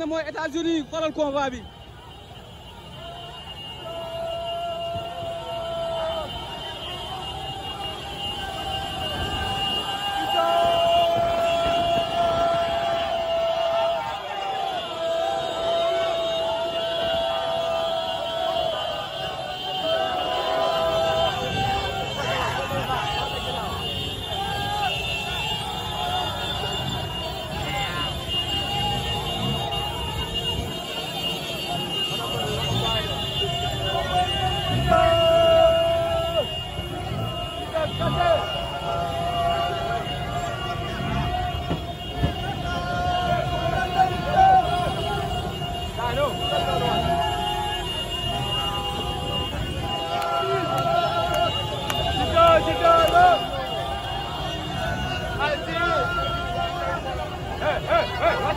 ne mooy États-Unis xoolal convoi bi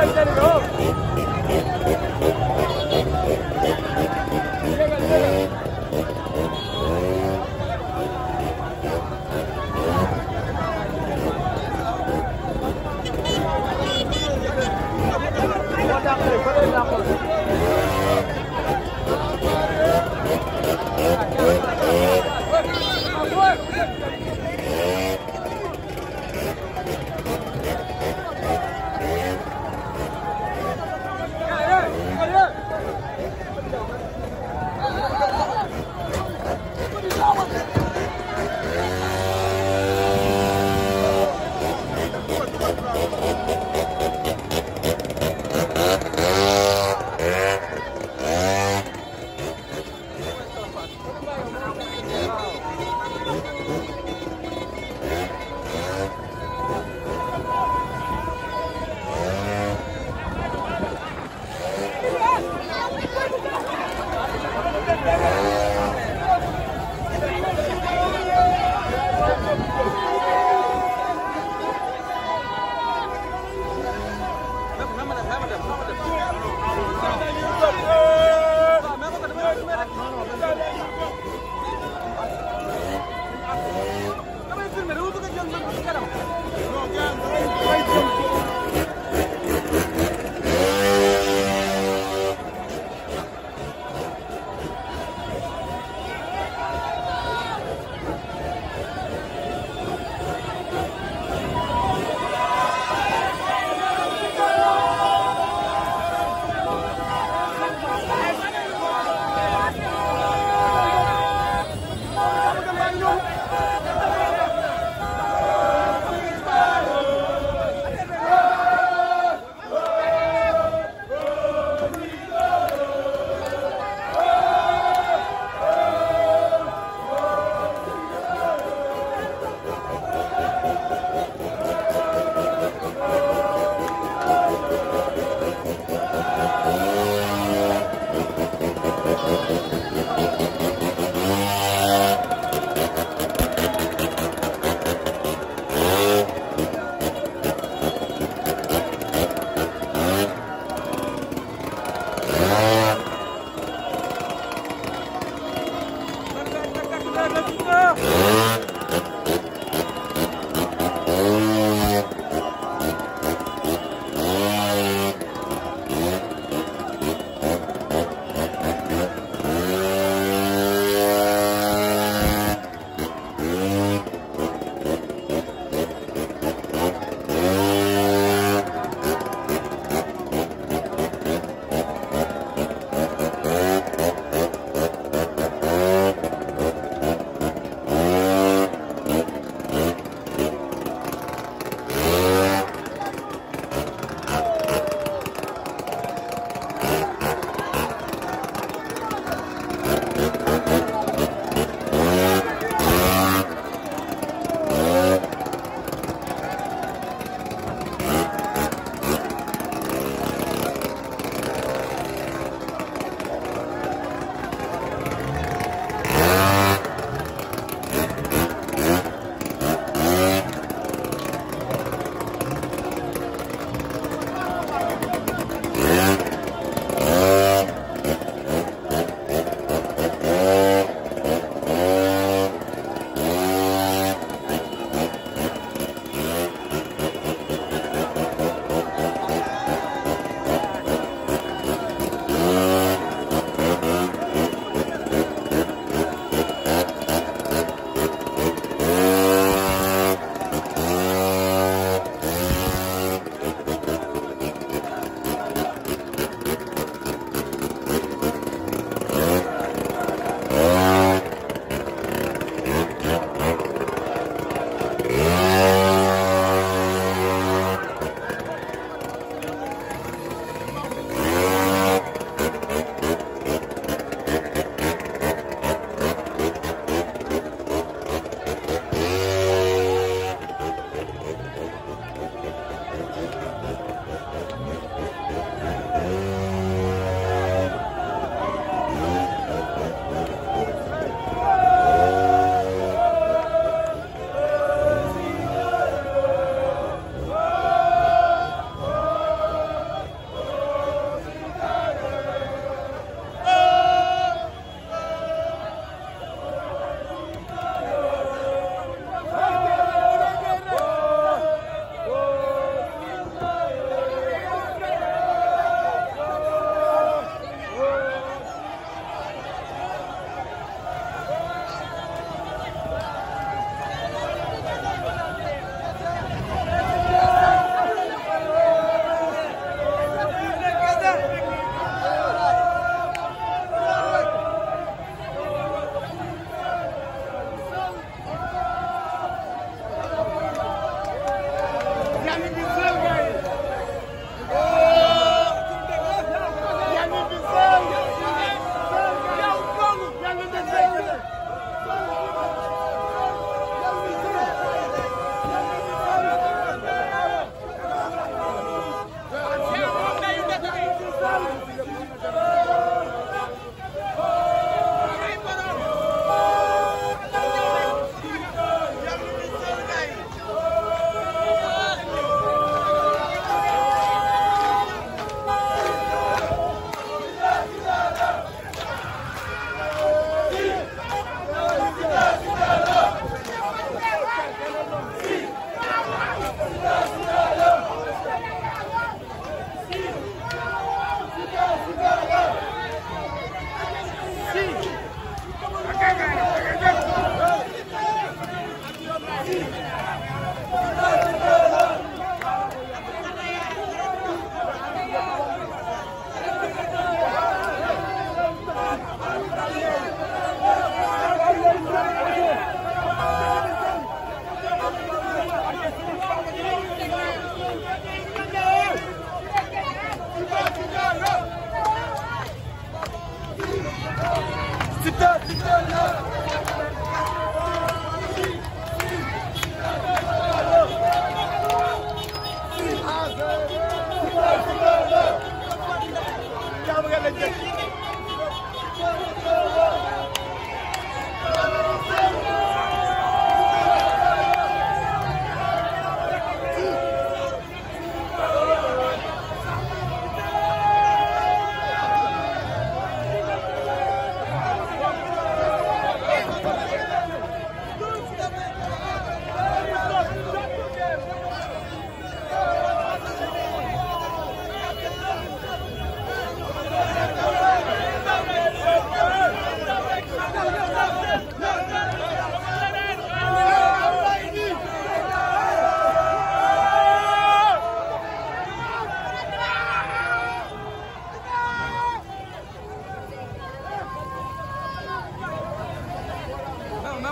ಎಲ್ಲ ಇದ್ದಾರೆ ಇವರು Thank you.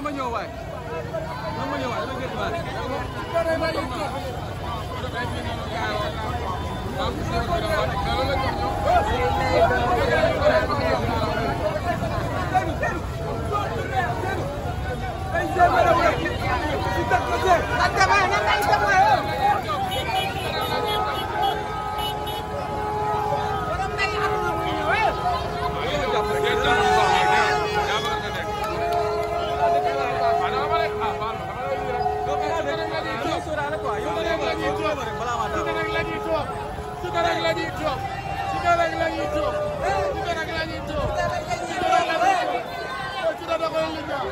dama ñëw waay dama ñëw waay dama jënd waay. Thank you. sudah lagi toog suba rek la ñuy toog suba rek lagi ñuy toog lagi rek la ñuy toog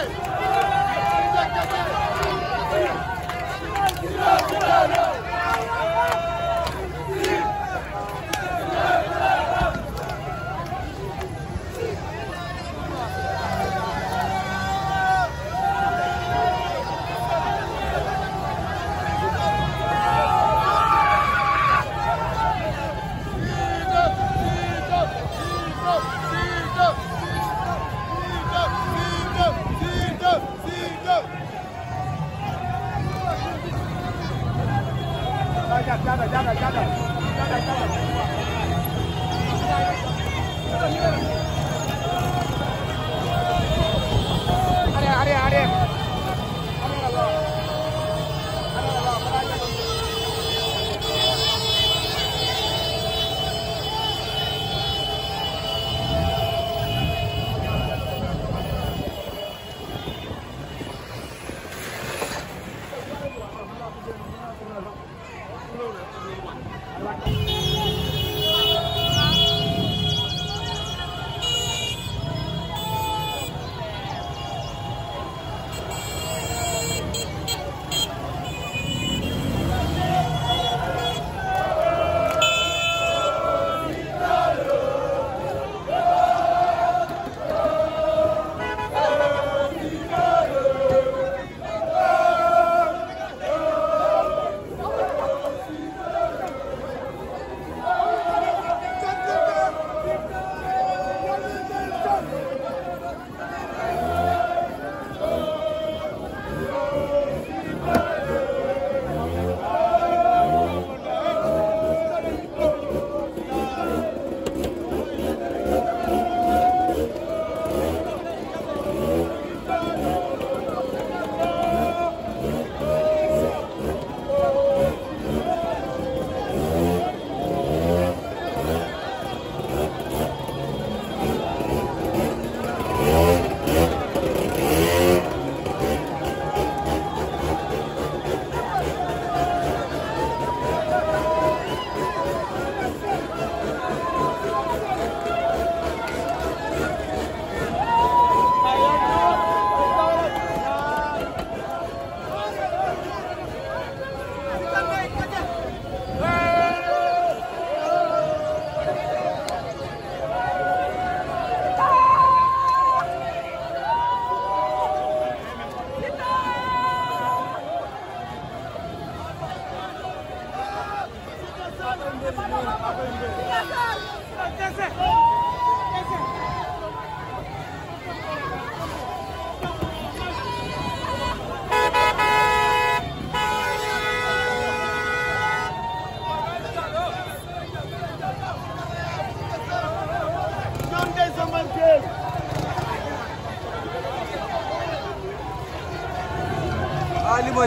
Hey!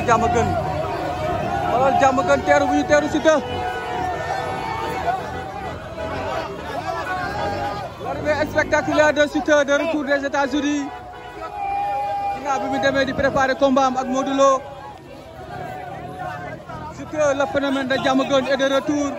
Jamagan, jàmm jamagan xoolal jàmm gën teeru bu ñu spectaculaire de Siteu de retour des États-Unis ginnaaw bi mu demee di préparer combat am ak le phénomène de et de retour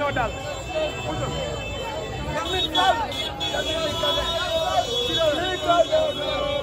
total Come in, come! Come in, come!